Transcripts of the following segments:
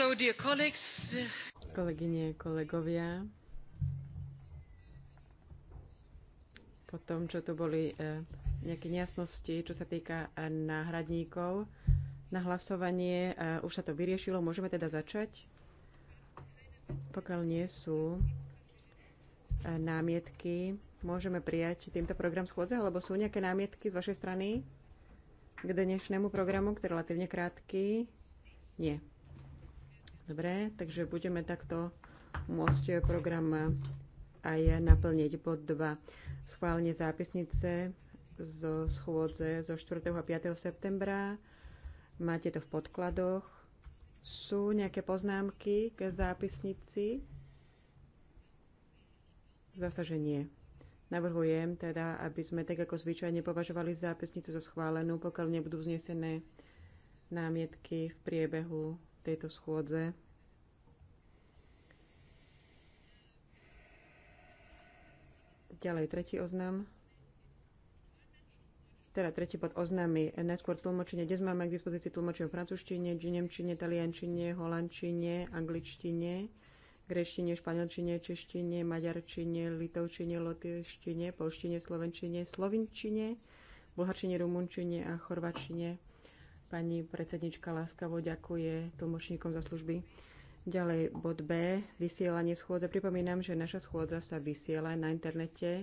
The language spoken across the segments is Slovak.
So, dear colleagues, Kolegyne, kolegovia, po tom, čo tu boli e, nejaké nejasnosti, čo sa týka e, náhradníkov na hlasovanie, e, už sa to vyriešilo, môžeme teda začať? Pokiaľ nie sú námietky, môžeme prijať týmto program schôdze, alebo sú nejaké námietky z vašej strany k dnešnému programu, ktorý je relatívne krátky? Nie. Dobre, takže budeme takto môcť program aj naplniť bod 2. Schválenie zápisnice zo schôdze zo 4. a 5. septembra. Máte to v podkladoch. Sú nejaké poznámky k zápisnici? Zdá sa, že nie. Navrhujem teda, aby sme tak ako zvyčajne považovali zápisnicu za schválenú, pokiaľ nebudú vznesené námietky v priebehu tejto schôdze. Ďalej tretí oznam. Teda tretí bod oznámy. Najskôr tlmočenie. Dnes máme k dispozícii tlmočenie v francúzštine, nemčine, taliančine, holandčine, angličtine, greštine, španielčine, češtine, maďarčine, litovčine, lotyštine, polštine, slovenčine, slovinčine, bulharčine, rumunčine a chorvačine. Pani predsednička láskavo ďakuje tlmočníkom za služby. Ďalej bod B, vysielanie schôdze. Pripomínam, že naša schôdza sa vysiela na internete.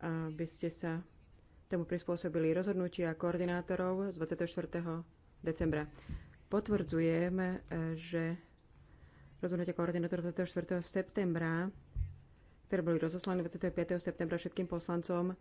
Aby ste sa tomu prispôsobili rozhodnutia koordinátorov z 24. decembra. Potvrdzujem, že rozhodnutia koordinátorov 24. septembra, ktoré boli rozoslané 25. septembra všetkým poslancom,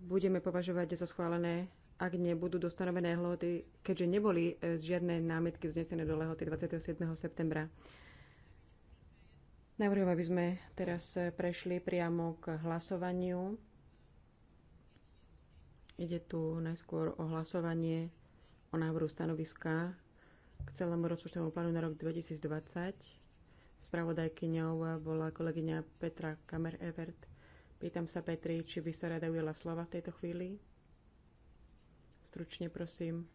budeme považovať za schválené, ak nebudú dostanovené lehoty, keďže neboli e, žiadne námietky vznesené do lehoty 27. septembra. Navrhujem, aby sme teraz e, prešli priamo k hlasovaniu. Ide tu najskôr o hlasovanie o návrhu stanoviska k celému rozpočtovému plánu na rok 2020. Spravodajkyňou bola kolegyňa Petra Kamer-Evert. Pýtam sa Petri, či by sa rada ujela slova v tejto chvíli. Stručne prosím.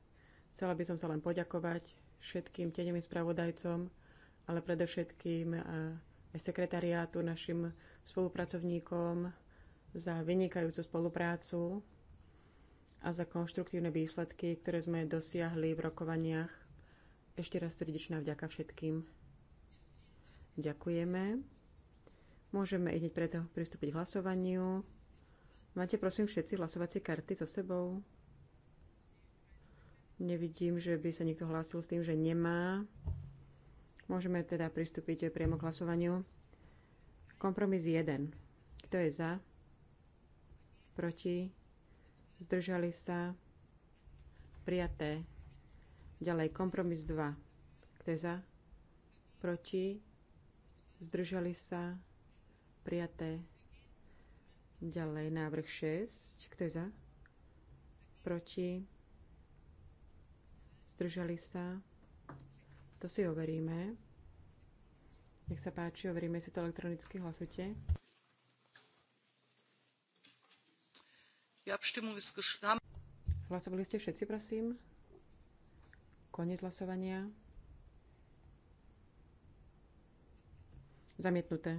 Chcela by som sa len poďakovať všetkým tenevým spravodajcom, ale predovšetkým aj e, sekretariátu, našim spolupracovníkom za vynikajúcu spoluprácu a za konštruktívne výsledky, ktoré sme dosiahli v rokovaniach. Ešte raz srdečná vďaka všetkým. Ďakujeme. Môžeme hneď preto pristúpiť k hlasovaniu. Máte prosím všetci hlasovacie karty so sebou? Nevidím, že by sa niekto hlásil s tým, že nemá. Môžeme teda pristúpiť priamo k hlasovaniu. Kompromis 1. Kto je za? Proti? Zdržali sa? Prijaté. Ďalej kompromis 2. Kto je za? Proti? Zdržali sa? Prijaté. Ďalej návrh 6. Kto je za? Proti? Zdržali sa? To si overíme. Nech sa páči, overíme si to elektronicky. Hlasujte. Hlasovali ste všetci, prosím? Koniec hlasovania. Zamietnuté.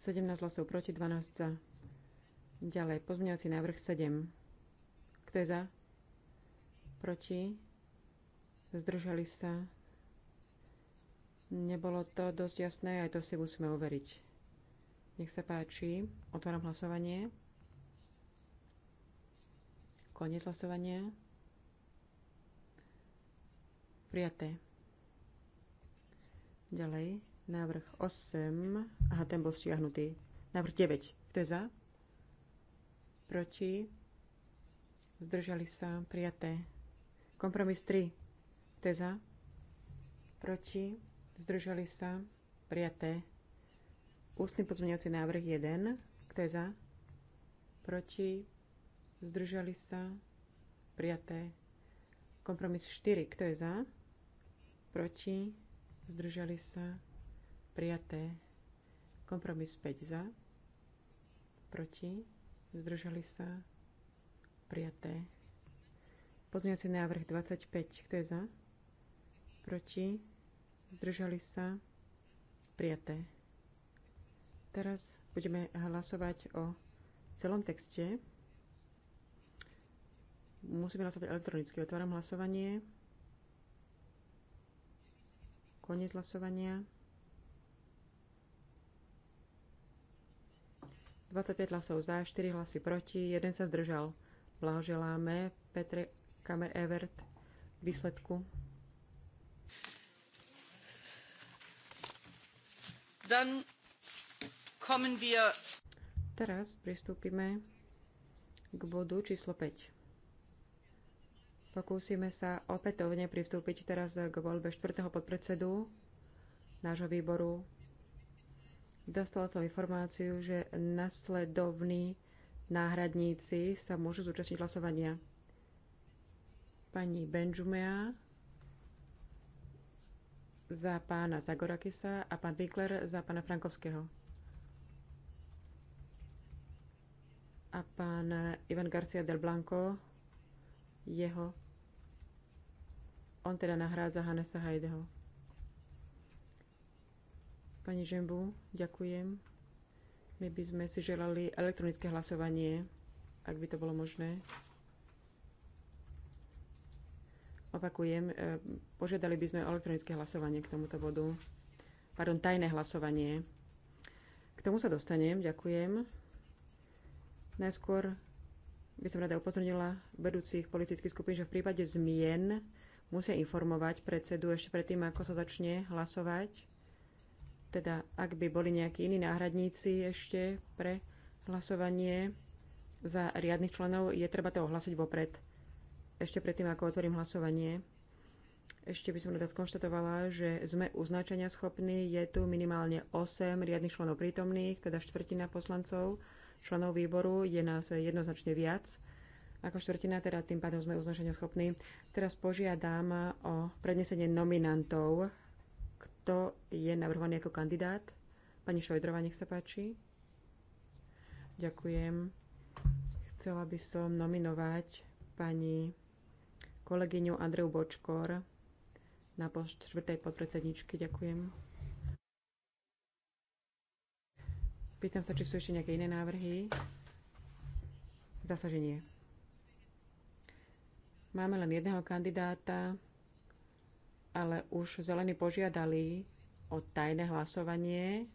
17 hlasov proti, 12 za. Ďalej, pozmeňovací návrh 7. Kto je za? Proti? Zdržali sa? Nebolo to dosť jasné, aj to si musíme overiť. Nech sa páči, otváram hlasovanie. Koniec hlasovania. Prijaté. Ďalej. Návrh 8. Aha, ten bol stiahnutý. Návrh 9. Kto je za? Proti? Zdržali sa. Prijaté. Kompromis 3. Kto je za? Proti? Zdržali sa. Prijaté. Ústny pozmeňovací návrh 1. Kto je za? Proti? Zdržali sa. Prijaté. Kompromis 4. Kto je za? Proti? Zdržali sa Prijaté. Kompromis 5 za. Proti. Zdržali sa. Prijaté. Pozmeňujúci návrh 25. Kto je za? Proti. Zdržali sa. Prijaté. Teraz budeme hlasovať o celom texte. Musíme hlasovať elektronicky. Otváram hlasovanie. Koniec hlasovania. 25 hlasov za, 4 hlasy proti, 1 sa zdržal. Blahoželáme Petre Kamer Evert výsledku. Dan kommen wir Teraz pristúpime k bodu číslo 5. Pokúsime sa opätovne pristúpiť teraz k voľbe štvrtého podpredsedu nášho výboru Dostala som informáciu, že nasledovní náhradníci sa môžu zúčastniť hlasovania. Pani Benžumea za pána Zagorakisa a pán Winkler za pána Frankovského. A pán Ivan Garcia del Blanco jeho. On teda nahrádza Hanesa Hajdeho. Pani Žembu, ďakujem. My by sme si želali elektronické hlasovanie, ak by to bolo možné. Opakujem, e, požiadali by sme elektronické hlasovanie k tomuto bodu. Pardon, tajné hlasovanie. K tomu sa dostanem, ďakujem. Najskôr by som rada upozornila vedúcich politických skupín, že v prípade zmien musia informovať predsedu ešte predtým, ako sa začne hlasovať teda, ak by boli nejakí iní náhradníci ešte pre hlasovanie za riadnych členov, je treba to ohlasiť vopred. Ešte predtým, ako otvorím hlasovanie. Ešte by som teda skonštatovala, že sme uznačenia schopní. Je tu minimálne 8 riadnych členov prítomných, teda štvrtina poslancov. Členov výboru je nás jednoznačne viac ako štvrtina, teda tým pádom sme uznačenia schopní. Teraz požiadam o prednesenie nominantov kto je navrhovaný ako kandidát. Pani Šojdrova, nech sa páči. Ďakujem. Chcela by som nominovať pani kolegyňu Andreu Bočkor na post čtvrtej podpredsedničky. Ďakujem. Pýtam sa, či sú ešte nejaké iné návrhy. Zdá sa, že nie. Máme len jedného kandidáta ale už zelení požiadali o tajné hlasovanie.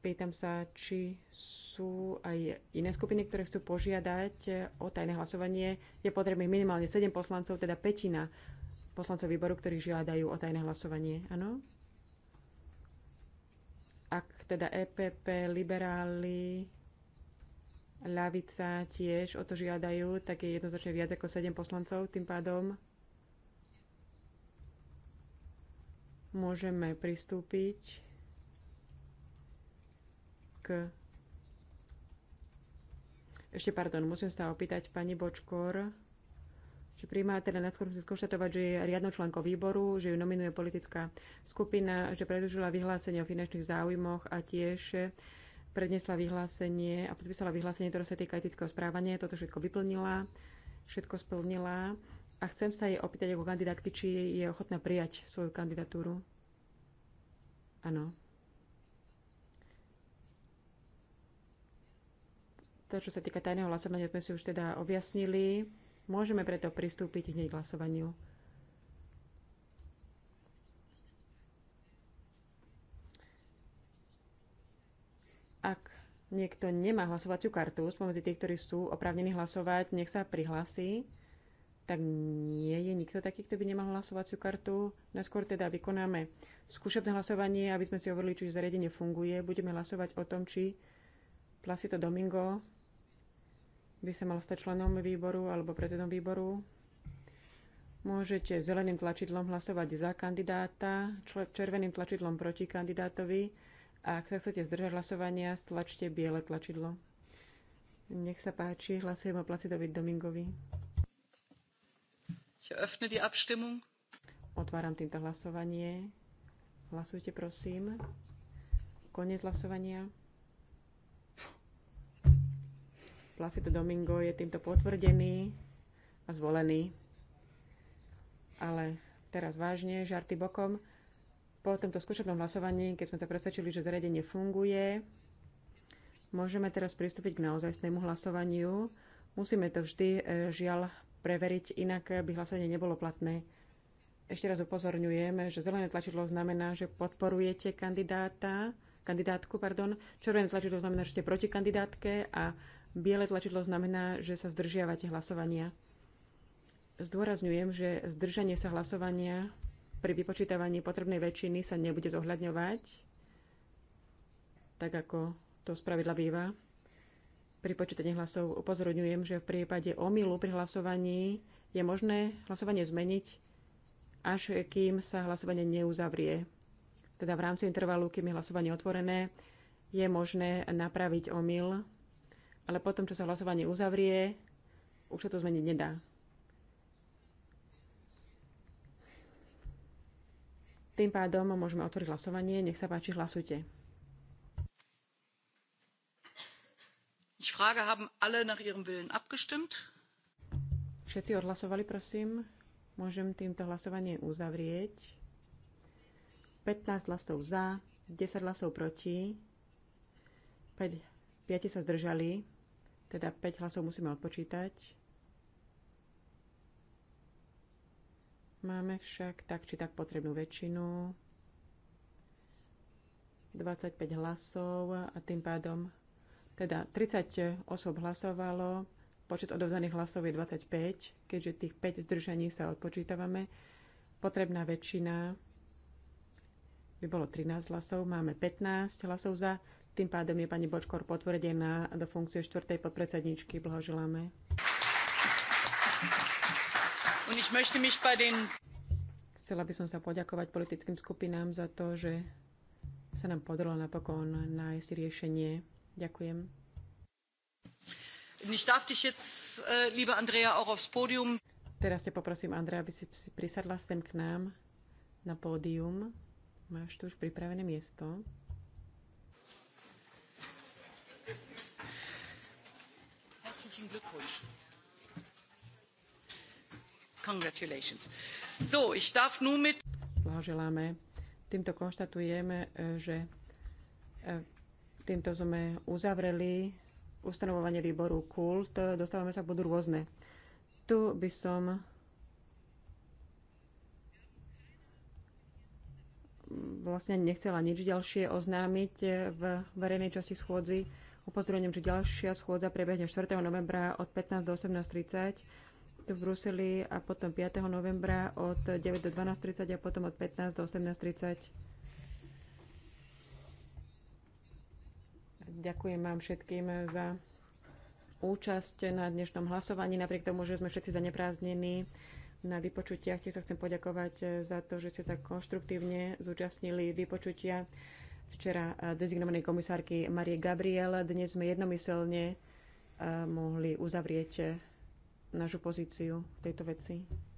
Pýtam sa, či sú aj iné skupiny, ktoré chcú požiadať o tajné hlasovanie. Je potrebných minimálne 7 poslancov, teda petina poslancov výboru, ktorí žiadajú o tajné hlasovanie. Áno? Ak teda EPP, liberáli, ľavica tiež o to žiadajú, tak je jednoznačne viac ako 7 poslancov tým pádom môžeme pristúpiť k... Ešte, pardon, musím sa opýtať pani Bočkor, či príjma teda najskôr musím skonštatovať, že je riadnou členkou výboru, že ju nominuje politická skupina, že predlžila vyhlásenie o finančných záujmoch a tiež prednesla vyhlásenie a podpísala vyhlásenie, ktoré sa týka etického správania. Toto všetko vyplnila, všetko splnila a chcem sa jej opýtať ako kandidátky, či je ochotná prijať svoju kandidatúru. Áno. To, čo sa týka tajného hlasovania, sme si už teda objasnili. Môžeme preto pristúpiť hneď k hlasovaniu. Ak niekto nemá hlasovaciu kartu spomedzi tých, ktorí sú oprávnení hlasovať, nech sa prihlási tak nie je nikto taký, kto by nemal hlasovaciu kartu. Najskôr teda vykonáme skúšobné hlasovanie, aby sme si hovorili, či zariadenie funguje. Budeme hlasovať o tom, či Placito Domingo by sa mal stať členom výboru alebo predsedom výboru. Môžete zeleným tlačidlom hlasovať za kandidáta, červeným tlačidlom proti kandidátovi a ak sa chcete zdržať hlasovania, stlačte biele tlačidlo. Nech sa páči, hlasujem o Placidovi Domingovi. Ich eröffne die Abstimmung. Otváram týmto hlasovanie. Hlasujte, prosím. Koniec hlasovania. Placido Domingo je týmto potvrdený a zvolený. Ale teraz vážne, žarty bokom. Po tomto skúšobnom hlasovaní, keď sme sa presvedčili, že zariadenie funguje, môžeme teraz pristúpiť k naozajstnému hlasovaniu. Musíme to vždy e, žiaľ preveriť, inak by hlasovanie nebolo platné. Ešte raz upozorňujem, že zelené tlačidlo znamená, že podporujete kandidáta, kandidátku, pardon. Červené tlačidlo znamená, že ste proti kandidátke a biele tlačidlo znamená, že sa zdržiavate hlasovania. Zdôrazňujem, že zdržanie sa hlasovania pri vypočítavaní potrebnej väčšiny sa nebude zohľadňovať, tak ako to spravidla býva pri počítaní hlasov upozorňujem, že v prípade omylu pri hlasovaní je možné hlasovanie zmeniť, až kým sa hlasovanie neuzavrie. Teda v rámci intervalu, kým je hlasovanie otvorené, je možné napraviť omyl, ale potom, čo sa hlasovanie uzavrie, už sa to zmeniť nedá. Tým pádom môžeme otvoriť hlasovanie. Nech sa páči, hlasujte. Frage haben alle nach ihrem Willen abgestimmt? Všetci odhlasovali, prosím. Môžem týmto hlasovanie uzavrieť. 15 hlasov za, 10 hlasov proti, 5, 5 sa zdržali, teda 5 hlasov musíme odpočítať. Máme však tak či tak potrebnú väčšinu. 25 hlasov a tým pádom teda 30 osob hlasovalo, počet odovzdaných hlasov je 25, keďže tých 5 zdržaní sa odpočítavame. Potrebná väčšina by bolo 13 hlasov, máme 15 hlasov za. Tým pádom je pani Bočkor potvrdená do funkcie 4. podpredsedničky. Blahoželáme. Chcela by som sa poďakovať politickým skupinám za to, že sa nám podarilo napokon nájsť riešenie Ďakujem. Äh, Teraz te poprosím, Andrea, aby si, si prisadla sem k nám na pódium. Máš tu už pripravené miesto. Herzlichen Glückwunsch. Congratulations. So, ich darf nun mit... Blahoželáme. Týmto konštatujeme, äh, že äh, Týmto sme uzavreli ustanovovanie výboru KULT. Dostávame sa k bodu rôzne. Tu by som vlastne nechcela nič ďalšie oznámiť v verejnej časti schôdzi. Upozorňujem, že ďalšia schôdza prebehne 4. novembra od 15 do 18.30 tu v Bruseli a potom 5. novembra od 9 do 12.30 a potom od 15 do 18.30 Ďakujem vám všetkým za účasť na dnešnom hlasovaní, napriek tomu, že sme všetci zaneprázdnení na vypočutiach. Tiež sa chcem poďakovať za to, že ste sa konštruktívne zúčastnili vypočutia včera dezignovanej komisárky Marie Gabriel. Dnes sme jednomyselne eh, mohli uzavrieť našu pozíciu v tejto veci.